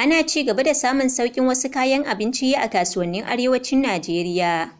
Ana ci gaba da samun sauƙin wasu kayan abinci a kasuwannin arewacin Najeriya,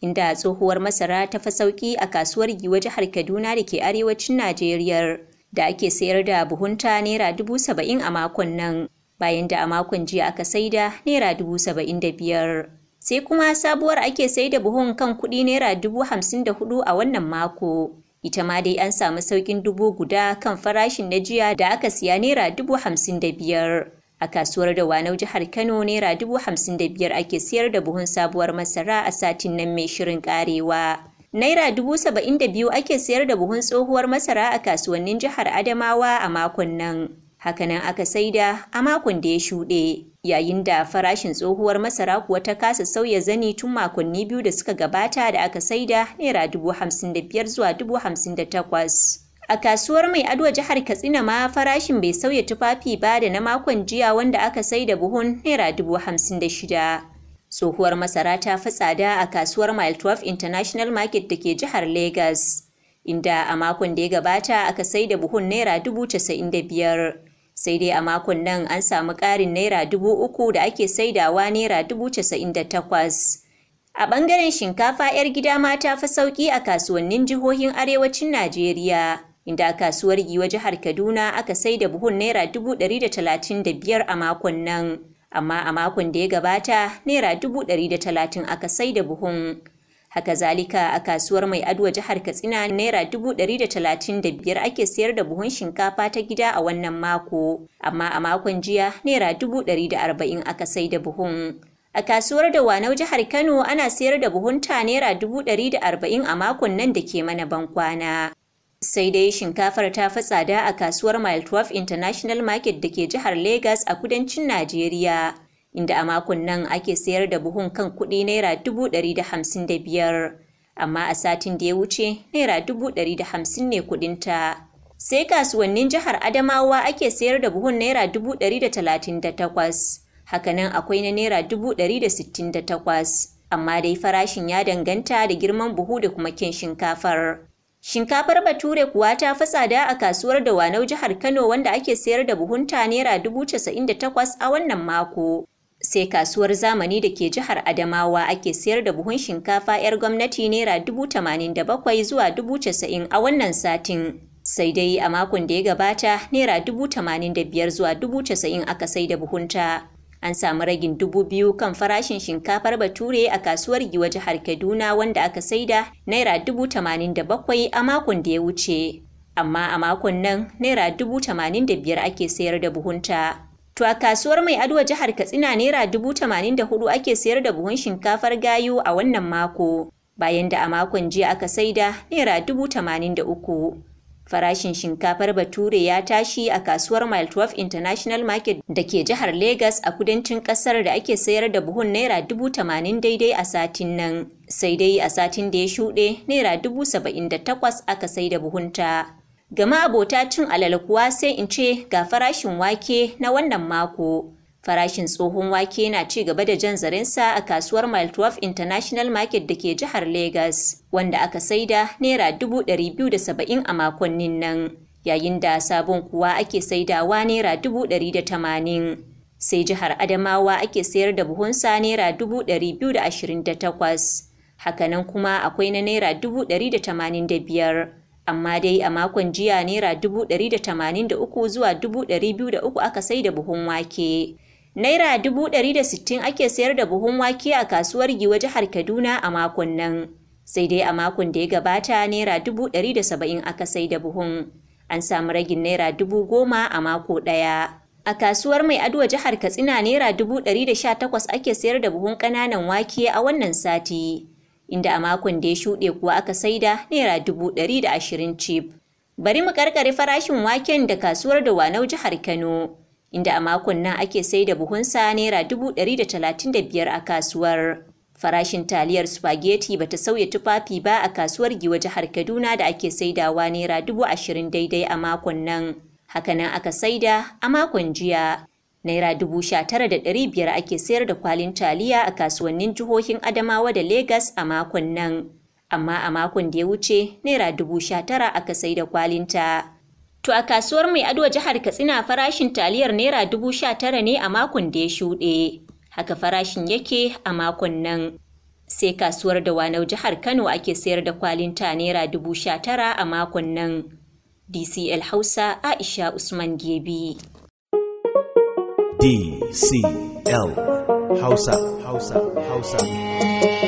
inda tsohuwar masara ta fa sauƙi a kasuwar Giwa jihar Kaduna da ke arewacin Najeriya, da ake sayar da buhunta Naira dubu saba'in a makon nan, bayan da a makon jiya aka da Naira dubu saba'in da biyar. Sai kuma sabuwar ake sai da buhun kan kuɗi Naira dubu hamsin da hudu a wannan mako. ita ma dai an samu sauƙin dubu guda kan farashin na jiya da aka siya naira dubu hamsin da biyar A kasuwar Dawanau jihar Kano Naira dubu hamsin da biyar ake siyar da buhun sabuwar masara a satin nan mai shirin karewa. Naira dubu saba'in da biyu ake siyar da buhun tsohuwar masara a kasuwannin jihar Adamawa a makon nan. Hakanan aka saida a makon da ya shuɗe. yayin da farashin tsohuwar masara kuwa ta kasa sauya zani tun makonni biyu da suka gabata da aka saida naira dubu hamsin da biyar zuwa dubu hamsin da takwas. A kasuwar mai ado jihar Katsina ma farashin bai sauya tufafi ba da na makon jiya wanda aka sai da buhun naira dubu hamsin da shida. Tsohuwar masara ta fi tsada a kasuwar Mile 12 International Market da ke jihar Lagos, inda a makon da ya gabata aka sai da buhun naira dubu casa'in da biyar. Sai dai a makon nan an samu ƙarin naira dubu uku da ake saidawa naira dubu casa'in da takwas. A ɓangaren shinkafa 'yar gida ma ta fi sauƙi a kasuwannin jihohin arewacin Najeriya. inda a kasuwar Giwa jihar Kaduna aka sai da buhun naira dubu ɗari da talatin da biyar a makon nan. Amma a makon da ya gabata naira dubu ɗari da talatin aka sai da buhun. Haka zalika a kasuwar mai adwa jihar Katsina naira dubu ɗari da talatin da biyar ake sayar da buhun shinkafa ta gida a wannan mako, amma a makon jiya naira dubu ɗari da arba'in aka sai da buhun. A kasuwar da Wanau jihar Kano ana sayar da buhunta naira dubu ɗari da arba'in a makon nan da ke mana bankwana. Sai dai shinkafar ta fi tsada a kasuwar Mile 12 International Market da ke jihar Lagos a kudancin Najeriya, inda a makon nan ake sayar da buhun kan kuɗi Naira 155, amma a satin da ya wuce Naira 150 ne kuɗinta. Sai kasuwannin jihar Adamawa ake sayar da buhun Naira 138, hakanan akwai na Naira 168, amma dai farashin ya danganta da girman buhu da kuma kin shinkafar. Shinkafar Bature kuwa ta fi tsada a kasuwar Dawanau jihar Kano wanda ake sayar da buhunta naira dubu casa'in da takwas a wannan mako. Sai kasuwar zamani da ke jihar Adamawa ake sayar da buhun shinkafa 'yar gwamnati naira dubu tamanin da bakwai zuwa dubu casa'in a wannan satin. Sai dai a makon da ya gabata naira dubu tamanin da biyar zuwa dubu casa'in aka sai da buhunta. An samu ragin dubu biyu kan farashin shinkafar Bature a kasuwar Giwa jihar Kaduna wanda aka saida Naira dubu tamanin da bakwai a makon da ya wuce. Amma a makon nan Naira dubu tamanin da biyar ake sayar da buhunta. To a kasuwar mai adwa jihar Katsina Naira dubu tamanin da hudu ake sayar da buhun shinkafar gayu a wannan mako. Bayan da a makon jiya aka saida Naira dubu tamanin da uku. Farashin shinkafar Bature ya tashi a kasuwar Mile 12 International Market da ke jihar Legas a kudancin kasar da ake sayar da buhun Naira dubu tamanin daidai a satin nan. Sai dai a satin da ya shuɗe Naira dubu saba'in da takwas aka sai da buhunta. Gama abota cin alal kuwa sai in ce ga farashin wake na wannan mako. Farashin tsohon wake na ci gaba da jan zaren sa a kasuwar Mile 12 International Market da ke jihar Legas, wanda aka saida Naira 270 a makonnin nan, yayin da sabon kuwa ake saidawa Naira 180. Sai jihar Adamawa ake sayar da buhunsa Naira 228. Hakanan kuma akwai na Naira 185. Amma dai a makon jiya Naira 183 zuwa 203 aka sai da buhun wake. Naira dubu ɗari da sittin ake sayar da buhun wake a kasuwar Giwa jihar Kaduna a makon nan. Sai dai a makon da ya gabata Naira dubu ɗari da saba'in aka sai da buhun. An samu ragin Naira dubu goma a mako ɗaya. A kasuwar mai aduwa jihar Katsina Naira dubu ɗari da sha takwas ake sayar da buhun ƙananan wake a wannan sati, inda a makon da ya shuɗe kuwa aka sai da Naira dubu ɗari da ashirin cif. Bari mu ƙarƙare farashin waken da kasuwar da Wanau jihar Kano. inda a makon nan ake sai da buhunsa naira biyar a kasuwar. Farashin taliyar spaghetti ba ta sauya tufafi ba a kasuwar Giwa jihar Kaduna da ake saidawa naira ashirin daidai a makon nan. Hakanan aka saida a makon jiya. Naira dubu da ɗari biyar ake sayar da kwalin taliya a kasuwannin jihohin Adamawa da Legas a makon nan. Amma a makon da ya wuce, Naira dubu sha tara aka saida kwalinta. To a kasuwar mai ado jihar Katsina farashin taliyar Naira dubu sha tara ne a makon da ya shuɗe. Haka farashin yake a makon nan. Sai kasuwar da wanau jihar Kano ake sayar da kwalinta Naira dubu sha tara a makon nan. DCL Hausa Aisha Usman Gebi. DCL Hausa Hausa Hausa.